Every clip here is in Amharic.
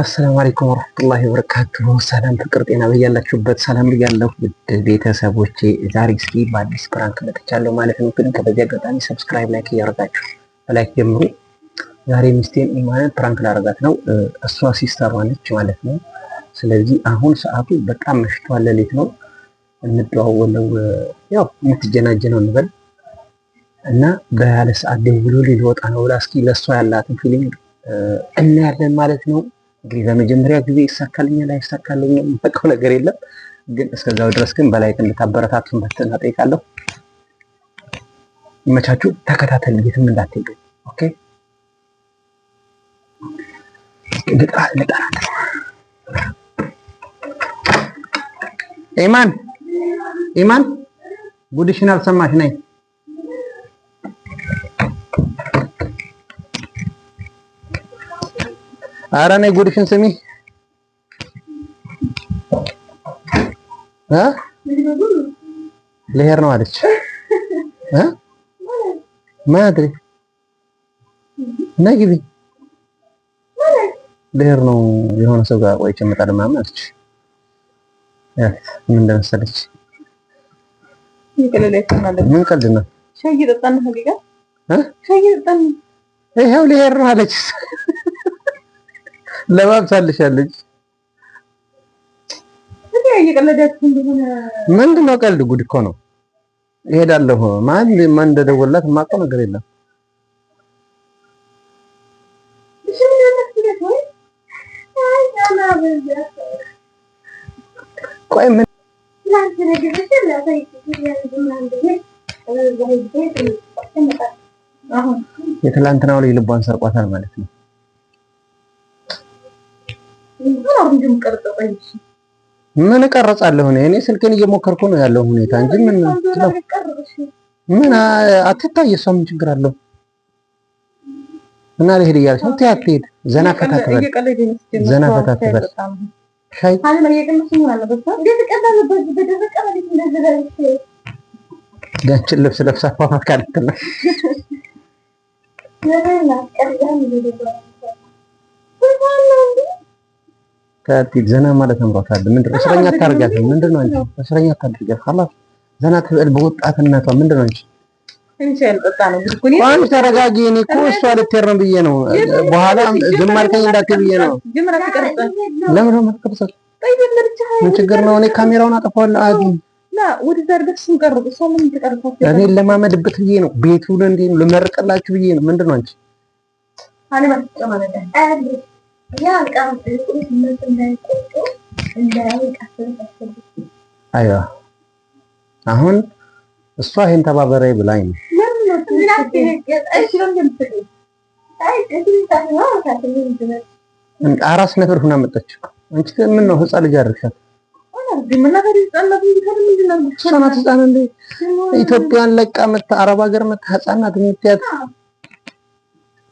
አሰላም አለይኩም ወረህመቱላሂ ወበረካቱሁ። ሰላም ፍቅር፣ ጤና በያላችሁበት ሰላም ብያለሁ ውድ ቤተሰቦቼ። ዛሬ እስኪ በአዲስ ፕራንክ መጥቻለሁ ማለት ነው። ግን ከበዚህ አጋጣሚ ሰብስክራይብ፣ ላይክ እያደረጋችሁ ላይክ ጀምሩ። ዛሬ ሚስቴን ኢማንን ፕራንክ ላደርጋት ነው። እሷ ሲስተሯ ነች ማለት ነው። ስለዚህ አሁን ሰዓቱ በጣም መሽቷል፣ ሌሊት ነው። እንደዋወለው ያው የምትጀናጀነው እንበል እና በያለ ሰዓት ደውሎ ሊወጣ ነው ብላ እስኪ ለእሷ ያላትን ፊሊንግ እናያለን ማለት ነው። እንግዲህ በመጀመሪያ ጊዜ ይሳካልኛል አይሳካልኝም የማውቀው ነገር የለም። ግን እስከዛው ድረስ ግን በላይክ እንድታበረታቱን በትህትና እጠይቃለሁ። ይመቻችሁ። ተከታተል፣ የትም እንዳትሄዱ። ኦኬ ልጠራት ነው። ኢማን ኢማን፣ ጉድሽን አልሰማሽ ነኝ ኧረ ነይ ጉድሽን ስሚ እ ልሄድ ነው አለች እ ማድሪ ነይ ግቢ ልሄድ ነው የሆነ ሰው ጋር ቆይቼ እመጣለሁ ምናምን አለች። ምን እንደመሰለች ምን ቀልድ ነው? ሻይ ጠጣን ነው ሻይ ጠጣን ይኸው ልሄድ ነው አለች። ለባብሳልሻለች። ምንድን ነው ቀልድ? ጉድ እኮ ነው። እሄዳለሁ። ማን ማን እንደደወላት የማውቀው ነገር የለም። ቆይ ምን የትላንትናው ላይ ልቧን ሰርቋታል ማለት ነው። ቆንጆም ቀርጽ ምን እቀርጻለሁ እኔ? እኔ ስልክን እየሞከርኩ ነው ያለው ሁኔታ እንጂ ምን ምን አትታይ። እሷ ምን ችግር አለው? እና ልሄድ እያለች ነው። ትያት ልሄድ፣ ዘና ፈታ ትበል፣ ዘና ፈታ ትበል። ሻይ ያችን ልብስ ለብሳ አፋፋት ካለትና ከቲል ዘና ማለት አምሯታል። ምንድነው እስረኛ ታርጋት? ምንድነው አንቺ እስረኛ ታርጋት? خلاص ዘና ትበል በወጣትነቷ። ምንድነው አንቺ አንቺ ተረጋጊ። እኔ እኮ እሷ ልትሄድ ነው ብዬ ነው። በኋላ ዝም አልከኝ እንዳትዪ ብዬ ነው። ለምን ነው የማትቀርጸው? ምን ችግር ነው? እኔ ካሜራውን አጠፋዋለሁ። አዲ እኔ ለማመድበት ብዬ ነው። ቤቱ ለእንዴ ነው ልመርቅላችሁ ብዬ ነው። ምንድነው አንቺ አይዋ አሁን እሷ ይሄን ተባበረኝ ብላኝ አራስ ነበር ሁና አንቺ ምን ነው ህፃን ልጅ አድርሻት። እሷ ናት ህፃን እንደ ኢትዮጵያን ለቃ መታ አረብ ሀገር መታ ህፃናት የምትያት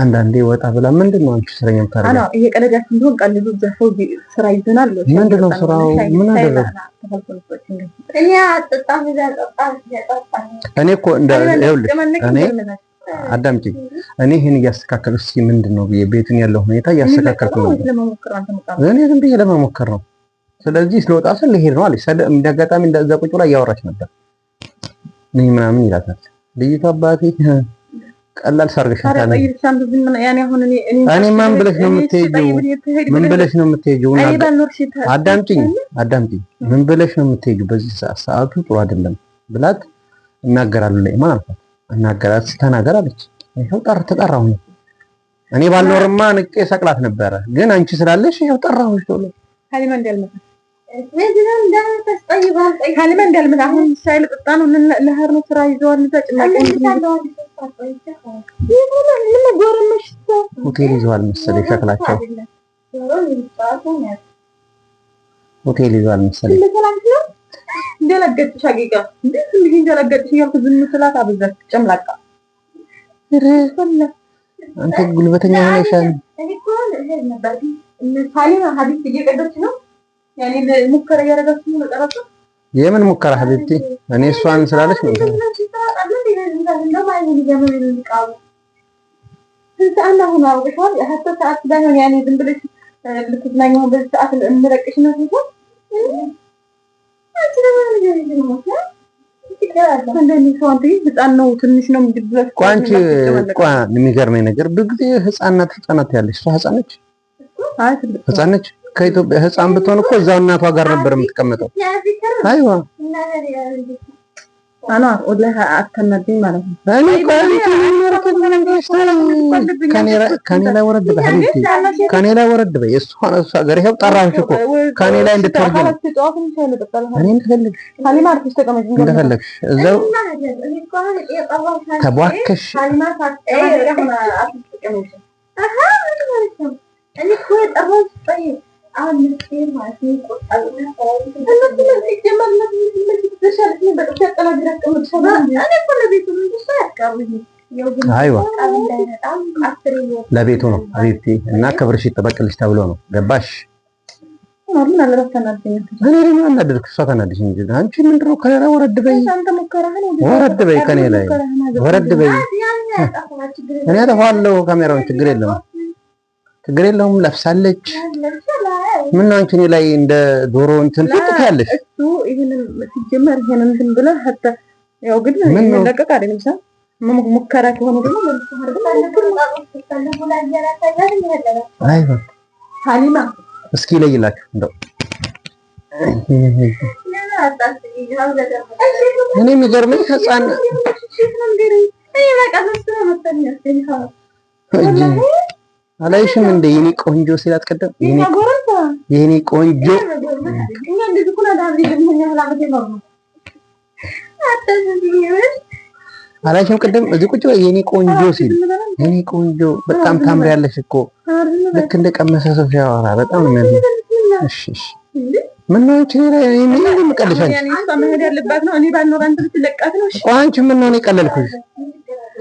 አንዳንዴ ወጣ ብላ ምንድን ነው አንቺ ስራኛ ታረጋ አላ እየቀለዳችን ቢሆን ቀልዱ ዘፈው ስራ ይዘናል። ምንድን ነው ስራው? ምን አደረገ? እኔ እኮ እንደ እኔ አዳምጪ፣ እኔ ይሄን እያስተካከልኩ እስኪ ምንድን ነው ብዬ ቤቱን ያለው ሁኔታ እያስተካከልኩ ነው። እኔ ዝም ብዬ ለመሞከር ነው። ስለዚህ ስለወጣ ስል ልሄድ ነው አለች። እንዳጋጣሚ እንደዛ ቁጭ ብላ እያወራች ነበር። ምን ምናምን ይላታል ልጅቷ አባቴ ቀላል ሳርገሻታ ነው። ብለሽ ነው የምትሄጂው? ምን ብለሽ ነው የምትሄጂው? አዳምጪኝ አዳምጪኝ። ምን ብለሽ ነው የምትሄጂው? በዚህ ሰዓቱ ጥሩ አይደለም ብላት እናገራለሁ ላይ ማን አልኳት። እናገራት ስተናገር አለች። ይኸው ጠር ተጠራሁ። እኔ ባልኖርማ ንቄ ሰቅላት ነበረ፣ ግን አንቺ ስላለሽ ይኸው ጠራሁሽ ቶሎ ካልመን ዳልመን አሁን ሻይ ልጠጣ ነው። ለህር ነው ስራ ይዘዋል። እዛ ጭማቂ ሆቴል ይዘዋል መሰለኝ፣ ሸክላቸው ሆቴል ይዘዋል መሰለኝ። እንደለገጥሽ አቂቃ እንዴት እንደለገጥሽ እያልኩ ዝም ስላት አበዛች። ጨምላቃ አንተ ጉልበተኛ ሆነሻል። ሳሌም ሀዲስ እየቀደች ነው የምን ሙከራ ሀቢብቲ? እኔ እሷን ስላለች ነው። ቋንቺ የሚገርመኝ ነገር ብዙ ጊዜ ህፃናት ህፃናት ያለች እሷ ህፃነች ህፃነች ከኢትዮጵያ ህፃን ብትሆን እኮ እዛው እናቷ ጋር ነበር የምትቀመጠው። አይዋ አና ወላህ አትከነብኝ ማለት ነው። እኔ ከኔ ላይ ወረድ በይ ሐቢብቲ፣ ከኔ ላይ ወረድ በይ። እሷ እሷ ጋር ይሄው ጠራሁሽ እኮ ከኔ ላይ እንድትወርጂ ነው። እኔ እንደፈለግሽ እንደፈለግሽ እዛው ተቧከሽ እኔ እኮ የጠራሁሽ በጣም ለቤቱ ነው እና ክብርሽ ይጠበቅልሽ ተብሎ ነው። ገባሽ? እሷ እንጂ አንቺ ምንድን ነው? ከሌላ ወረድ በይ፣ ወረድ በይ፣ ከኔ ላይ ወረድ በይ። እኔ አጠፋለሁ ካሜራውን፣ ችግር የለም ችግር የለውም ለብሳለች። ምን አንቺ እኔ ላይ እንደ ዶሮ እንትን ፍቅት ያለሽ እሱ ይሄንን ሲጀመር ይሄንን እንትን ብለ ብለህ ያው ግን የሚለቀቅ አይደለም ሳ ሙከራ ከሆነ ደግሞ ሀሊማ እስኪ ይለይላችሁ እንደው እኔ የሚገርመኝ ህፃን እኔ አላይሽም እንደ የኔ ቆንጆ ሲላት ቀደም የኔ ቆንጆ አላይሽም ቀደም እዚህ ቁጭ በይ የኔ ቆንጆ ሲል የኔ ቆንጆ በጣም ታምር ያለሽ እኮ ልክ እንደ ቀመሰ ሰው ሲያወራ በጣም ነው። እሺ እሺ፣ ምን ነው አንቺ ሌላ እኔ እንደምቀልሽ አንቺ አንቺ ምን ነው እኔ ቀለልኩሽ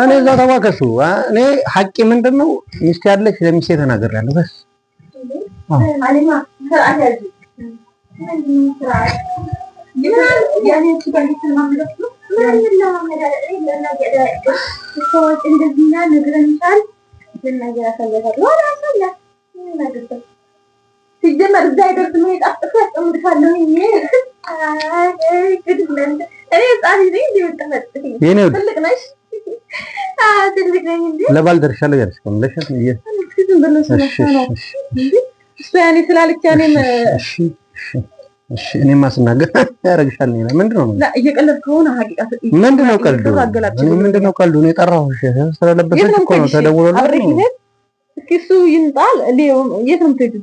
እኔ እዛ ተዋከሱ እኔ ሀቂ ምንድን ነው? ሚስት ያለች ለሚስቴ ተናግሬያለሁ። በስ ሲጀመር እዛ ይደርስ መሄድ አጥፍ ያስጠምድካለሁ ለባል ደርሻለሁ ያለሽ እኔማ ያደርግሻል። ምንድን ነው ቀልዱ? ምንድን ነው ቀልዱ? እኔ ጠራሁሽ ስለለበሰች እኮ ነው ተደውሎልኝ። እሱ ይምጣል። የት ነው የምትሄጂው?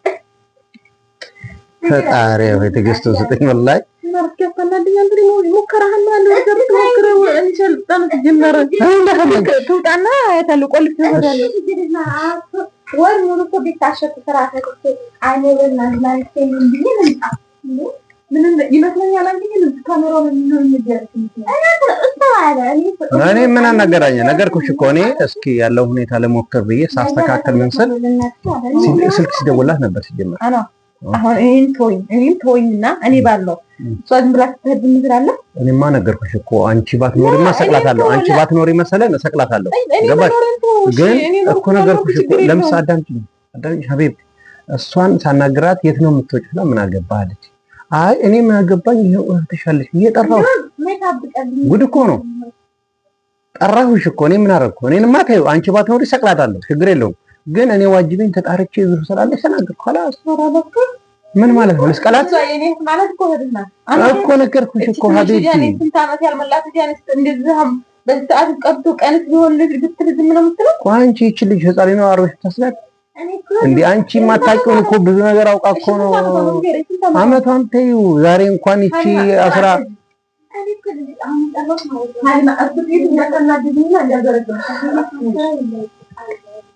ፈጣሪ ወይ ትግስቱ ስጠኝ። ወላይ እኔ ምን አናገራኝ ነገርኩሽ እኮ እኔ እስኪ ያለው ሁኔታ ለሞክር ብዬ ሳስተካከል ምን ስል ስልክ ሲደውላት ነበር ሲጀመር አሁን ይሄን ተወኝ ይሄን ተወኝ እኔ ባለው እሷ ዝም ብላ እኔማ ነገርኩሽ እኮ አንቺ ባትኖሪ እሰቅላታለሁ። አንቺ ባትኖሪ እሰቅላታለሁ። ገባሽ? ግን እኮ ነገርኩሽ እኮ ለምሳ አዳምጪኝ፣ ሀቢብ እሷን ሳናግራት የት ነው የምትወጪው? ምን አገባህ አለች። አይ እኔ ምን አገባኝ፣ ይሄው እህትሻለች ብዬ ጠራሁሽ። ጉድ እኮ ነው። ጠራሁሽ እኮ እኔ ምን አደረግኩ? እኔንማ ተይው። አንቺ ባትኖሪ እሰቅላታለሁ። ችግር የለውም ግን እኔ ዋጅቤን ተጣርቼ ብሩ ስላለ ተናገር ኋላ ምን ማለት ነው? መስቀላት እኮ ነገርኩሽ እኮ ሀቢብቲ በዚህ ሰዓት ቀብቶ ቀንስ ቢሆን እኮ አንቺ። ይቺ ልጅ ህፃን ነው አርበሽ ታስላት እንዴ? አንቺ የማታውቂውን እኮ ብዙ ነገር አውቃ እኮ ነው። አመቷን ተዩ። ዛሬ እንኳን ይቺ አስራ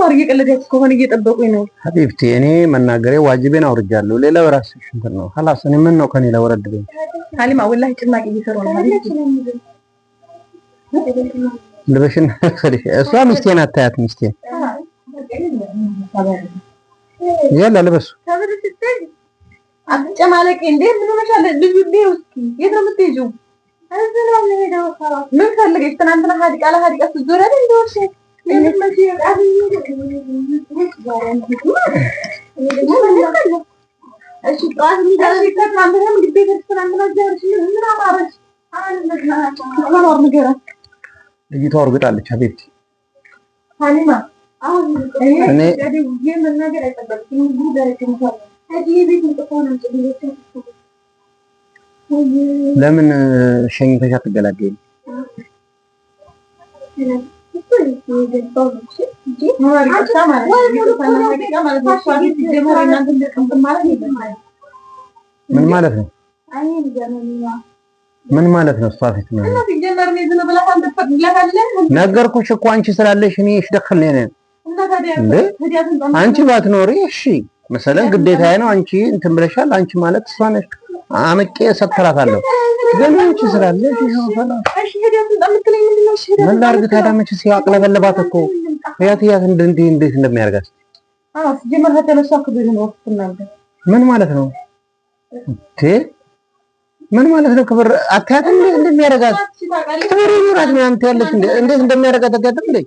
ማር እየቀለዳችሁ ከሆነ እየጠበቁኝ ነው። ሀቢብቲ እኔ መናገሬ ዋጅቤን አውርጃለሁ። ሌላ በራስሽ እንትን ነው። ኸላስ እኔ ምን ነው ከኔ ለወረድ ብኝ ሀሊማ ወላሂ ጭማቂ እየሰሩ ነው። ልበሽን እሷ ሚስቴን አታያት ሚስቴን ይላል ልበሱ አትጨማለቂ እንዴ ምን ሆነሻል? ልዩ ዴው እስኪ የት ነው የምትሄጂው? ምን ፈልገሽ? ትናንትና ሀዲቃ ለሀዲቃ ስትዞሪያለሽ እንደወሸሽ ልጅቷ እርግጣለች። አቤት ለምን ሸኝተሻ ትገላገኝ? ምን ማለት ነው? ምን ማለት ነው? እሷ ፊት ነው ነገርኩሽ እኮ አንቺ ስላለሽ እኔ እሽደክልኝ ነኝ። አንቺ ባትኖሪ እሺ መሰለን ግዴታዬ ነው። አንቺ እንትን ብለሻል። አንቺ ማለት እሷ ነሽ። አምቄ ሰተራታለሁ ገቢዎች ስላለ ምን ላድርግ ታዲያ? መቼ ሲያቅለበለባት እኮ ያት ያት እንዲህ እንዴት እንደሚያደርጋት ምን ማለት ነው? ምን ማለት ነው? ክብር አታያት እንዴት እንደሚያደርጋት ክብር ይኖራት ምናምን ትያለሽ። እንዴት እንደሚያደርጋት አታያትም እንዴ?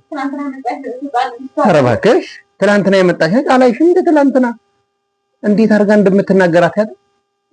ኧረ እባክሽ ትናንትና የመጣሽ ነች አላይሽም? እንደ ትናንትና እንዴት አድርጋ እንደምትናገር አታያትም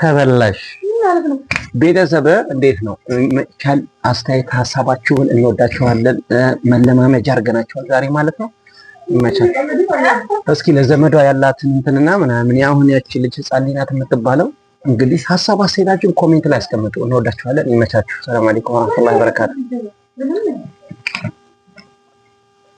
ተበላሽ ቤተሰብ እንዴት ነው? ቻል አስተያየት ሀሳባችሁን እንወዳችኋለን። መለማመጃ አድርገናችኋል ዛሬ ማለት ነው። ይመቻል። እስኪ ለዘመዷ ያላትን እንትንና ምናምን አሁን ያቺ ልጅ ህፃን ናት የምትባለው። እንግዲህ ሀሳብ አስተያየታችሁን ኮሜንት ላይ አስቀምጡ። እንወዳችኋለን። ይመቻችሁ። ሰላም አለይኩም ወራህመቱላሂ ወበረካቱ።